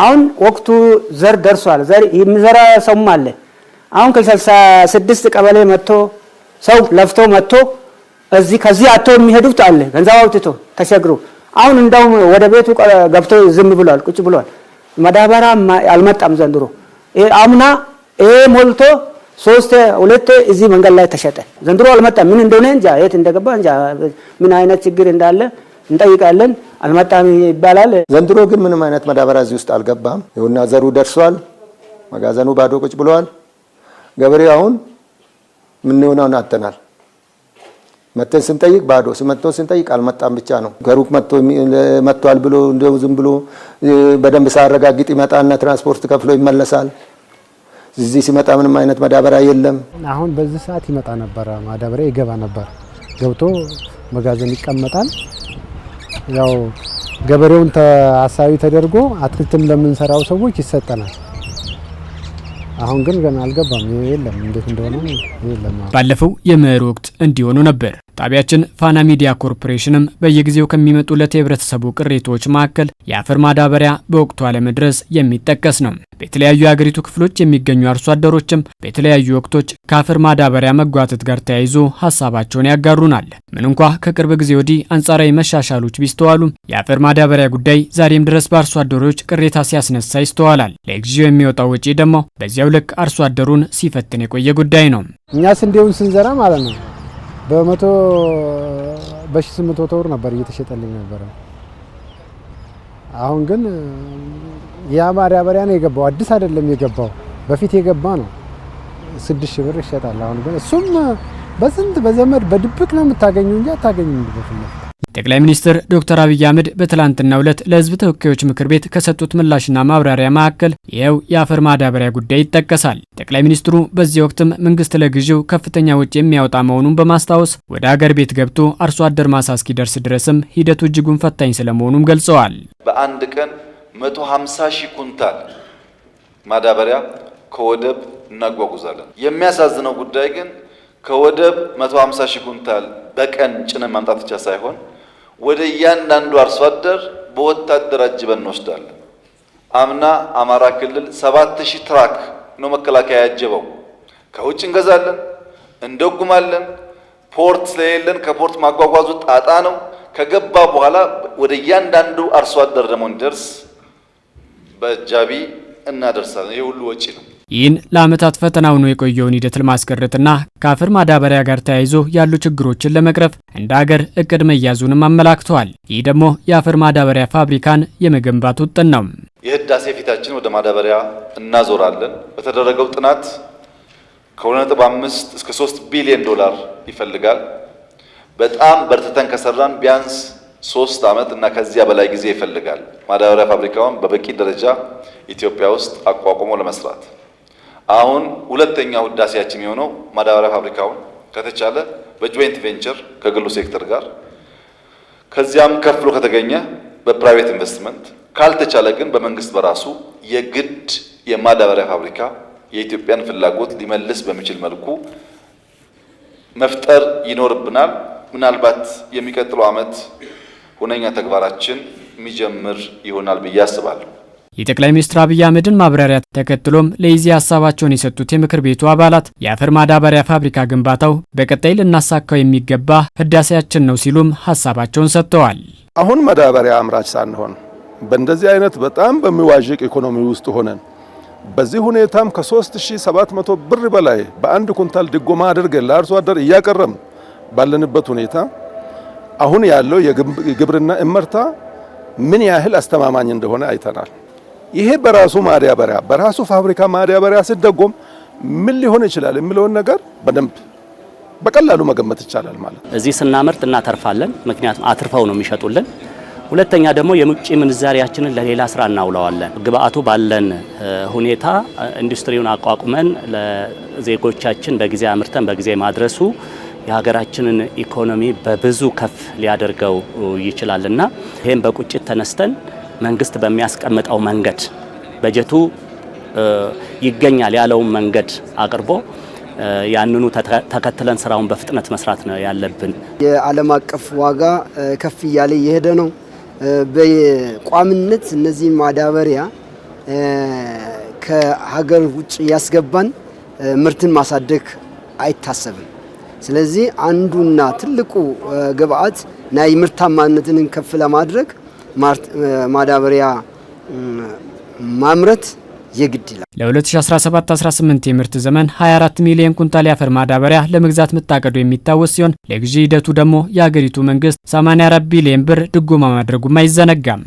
አሁን ወቅቱ ዘር ደርሷል። ዘር የሚዘራ ሰውም አለ። አሁን ከስልሳ ስድስት ቀበሌ መጥቶ ሰው ለፍቶ መጥቶ እዚህ ከዚህ አቶ የሚሄዱት አለ ገንዘብ አውጥቶ ተቸግሮ አሁን እንደውም ወደ ቤቱ ገብቶ ዝም ብሏል፣ ቁጭ ብሏል። መዳበራ አልመጣም ዘንድሮ። አምና ይሄ ሞልቶ ሶስት ሁለት እዚህ መንገድ ላይ ተሸጠ። ዘንድሮ አልመጣም። ምን እንደሆነ እንጃ፣ የት እንደገባ እንጃ። ምን አይነት ችግር እንዳለ እንጠይቃለን። አልመጣም ይባላል። ዘንድሮ ግን ምንም አይነት ማዳበሪያ እዚህ ውስጥ አልገባም። ይሁና ዘሩ ደርሷል። መጋዘኑ ባዶ ቁጭ ብለዋል። ገበሬው አሁን የምንሆነውን አጥተናል። መተን ስንጠይቅ ባዶ ስመቶ ስንጠይቅ አልመጣም ብቻ ነው። ከሩቅ መጥቷል ብሎ እንደው ዝም ብሎ በደንብ ሳረጋግጥ ይመጣና ትራንስፖርት ከፍሎ ይመለሳል። እዚህ ሲመጣ ምንም አይነት ማዳበሪያ የለም። አሁን በዚህ ሰዓት ይመጣ ነበረ፣ ማዳበሪያ ይገባ ነበር። ገብቶ መጋዘን ይቀመጣል። ያው ገበሬውን ታሳቢ ተደርጎ አትክልትም ለምንሰራው ሰዎች ይሰጠናል። አሁን ግን ገና አልገባም። የለም እንዴት እንደሆነ የለም። ባለፈው የመኸር ወቅት እንዲሆኑ ነበር። ጣቢያችን ፋና ሚዲያ ኮርፖሬሽንም በየጊዜው ከሚመጡለት የህብረተሰቡ ቅሬታዎች መካከል የአፈር ማዳበሪያ በወቅቱ አለመድረስ የሚጠቀስ ነው። በተለያዩ የአገሪቱ ክፍሎች የሚገኙ አርሶ አደሮችም በተለያዩ ወቅቶች ከአፈር ማዳበሪያ መጓተት ጋር ተያይዞ ሀሳባቸውን ያጋሩናል። ምን እንኳ ከቅርብ ጊዜ ወዲህ አንጻራዊ መሻሻሎች ቢስተዋሉም የአፈር ማዳበሪያ ጉዳይ ዛሬም ድረስ በአርሶ አደሮች ቅሬታ ሲያስነሳ ይስተዋላል። ለጊዜው የሚወጣው ወጪ ደግሞ በዚያው ልክ አርሶ አደሩን ሲፈትን የቆየ ጉዳይ ነው። እኛ ስንዴውን ስንዘራ ማለት ነው በመቶ በሺ ስምንት መቶ ብር ነበር እየተሸጠልኝ ነበረ። አሁን ግን ያ ማዳበሪያ ነው የገባው፣ አዲስ አይደለም የገባው፣ በፊት የገባ ነው። ስድስት ሺህ ብር ይሸጣል። አሁን ግን እሱም በስንት በዘመድ በድብቅ ነው የምታገኙ እንጂ አታገኙ። ጠቅላይ ሚኒስትር ዶክተር አብይ አህመድ በትላንትናው ዕለት ለህዝብ ተወካዮች ምክር ቤት ከሰጡት ምላሽና ማብራሪያ መካከል ይኸው የአፈር ማዳበሪያ ጉዳይ ይጠቀሳል። ጠቅላይ ሚኒስትሩ በዚህ ወቅትም መንግስት ለግዢው ከፍተኛ ወጪ የሚያወጣ መሆኑን በማስታወስ ወደ አገር ቤት ገብቶ አርሶ አደር ማሳ እስኪደርስ ድረስም ሂደቱ እጅጉን ፈታኝ ስለመሆኑም ገልጸዋል። በአንድ ቀን 150 ሺህ ኩንታል ማዳበሪያ ከወደብ እናጓጉዛለን። የሚያሳዝነው ጉዳይ ግን ከወደብ 150 ሺህ ኩንታል በቀን ጭነን ማምጣት ብቻ ሳይሆን ወደ እያንዳንዱ አርሶ አደር በወታደር አጅበን እንወስዳለን። አምና አማራ ክልል ሰባት ሺህ ትራክ ነው መከላከያ ያጀበው። ከውጭ እንገዛለን፣ እንደጉማለን። ፖርት ስለሌለን ከፖርት ማጓጓዙ ጣጣ ነው። ከገባ በኋላ ወደ እያንዳንዱ አርሶ አደር ደግሞ እንዲደርስ በአጃቢ እናደርሳለን። ይህ ሁሉ ወጪ ነው። ይህን ለዓመታት ፈተና ሆኖ የቆየውን ሂደት ለማስቀረትና ከአፈር ማዳበሪያ ጋር ተያይዞ ያሉ ችግሮችን ለመቅረፍ እንደ ሀገር እቅድ መያዙንም አመላክተዋል። ይህ ደግሞ የአፈር ማዳበሪያ ፋብሪካን የመገንባት ውጥን ነው። የህዳሴ ፊታችን ወደ ማዳበሪያ እናዞራለን። በተደረገው ጥናት ከ2.5 እስከ 3 ቢሊዮን ዶላር ይፈልጋል። በጣም በርትተን ከሰራን ቢያንስ ሶስት ዓመት እና ከዚያ በላይ ጊዜ ይፈልጋል ማዳበሪያ ፋብሪካውን በበቂ ደረጃ ኢትዮጵያ ውስጥ አቋቁሞ ለመስራት አሁን ሁለተኛ ውዳሴያችን የሆነው ማዳበሪያ ፋብሪካውን ከተቻለ በጆይንት ቬንቸር ከግሉ ሴክተር ጋር ከዚያም ከፍሎ ከተገኘ በፕራይቬት ኢንቨስትመንት ካልተቻለ ግን በመንግስት በራሱ የግድ የማዳበሪያ ፋብሪካ የኢትዮጵያን ፍላጎት ሊመልስ በሚችል መልኩ መፍጠር ይኖርብናል። ምናልባት የሚቀጥለው ዓመት ሁነኛ ተግባራችን የሚጀምር ይሆናል ብዬ አስባለሁ። የጠቅላይ ሚኒስትር አብይ አህመድን ማብራሪያ ተከትሎም ለኢዜአ ሀሳባቸውን የሰጡት የምክር ቤቱ አባላት የአፈር ማዳበሪያ ፋብሪካ ግንባታው በቀጣይ ልናሳካው የሚገባ ህዳሴያችን ነው ሲሉም ሀሳባቸውን ሰጥተዋል። አሁን ማዳበሪያ አምራች ሳንሆን በእንደዚህ አይነት በጣም በሚዋዥቅ ኢኮኖሚ ውስጥ ሆነን በዚህ ሁኔታም ከ3700 ብር በላይ በአንድ ኩንታል ድጎማ አድርገን ለአርሶ አደር እያቀረም ባለንበት ሁኔታ አሁን ያለው የግብርና እመርታ ምን ያህል አስተማማኝ እንደሆነ አይተናል። ይሄ በራሱ ማዳበሪያ በራሱ ፋብሪካ ማዳበሪያ ሲደጎም ምን ሊሆን ይችላል የሚለውን ነገር በደንብ በቀላሉ መገመት ይቻላል ማለት ነው። እዚህ ስናመርት እናተርፋለን፣ ምክንያቱም አትርፈው ነው የሚሸጡልን። ሁለተኛ ደግሞ የውጭ ምንዛሪያችንን ለሌላ ስራ እናውለዋለን። ግብአቱ ባለን ሁኔታ ኢንዱስትሪውን አቋቁመን ለዜጎቻችን በጊዜ አምርተን በጊዜ ማድረሱ የሀገራችንን ኢኮኖሚ በብዙ ከፍ ሊያደርገው ይችላልና ይህም በቁጭት ተነስተን መንግስት በሚያስቀምጠው መንገድ በጀቱ ይገኛል ያለውን መንገድ አቅርቦ ያንኑ ተከትለን ስራውን በፍጥነት መስራት ነው ያለብን። የዓለም አቀፍ ዋጋ ከፍ እያለ እየሄደ ነው። በቋምነት እነዚህ ማዳበሪያ ከሀገር ውጭ እያስገባን ምርትን ማሳደግ አይታሰብም። ስለዚህ አንዱና ትልቁ ግብአት ናይ ምርታማነትን ከፍ ለማድረግ ማዳበሪያ ማምረት የግድ ይላል። ለ2017-18 የምርት ዘመን 24 ሚሊዮን ኩንታል የአፈር ማዳበሪያ ለመግዛት መታቀዱ የሚታወስ ሲሆን ለግዢ ሂደቱ ደግሞ የአገሪቱ መንግስት 84 ቢሊዮን ብር ድጎማ ማድረጉም አይዘነጋም።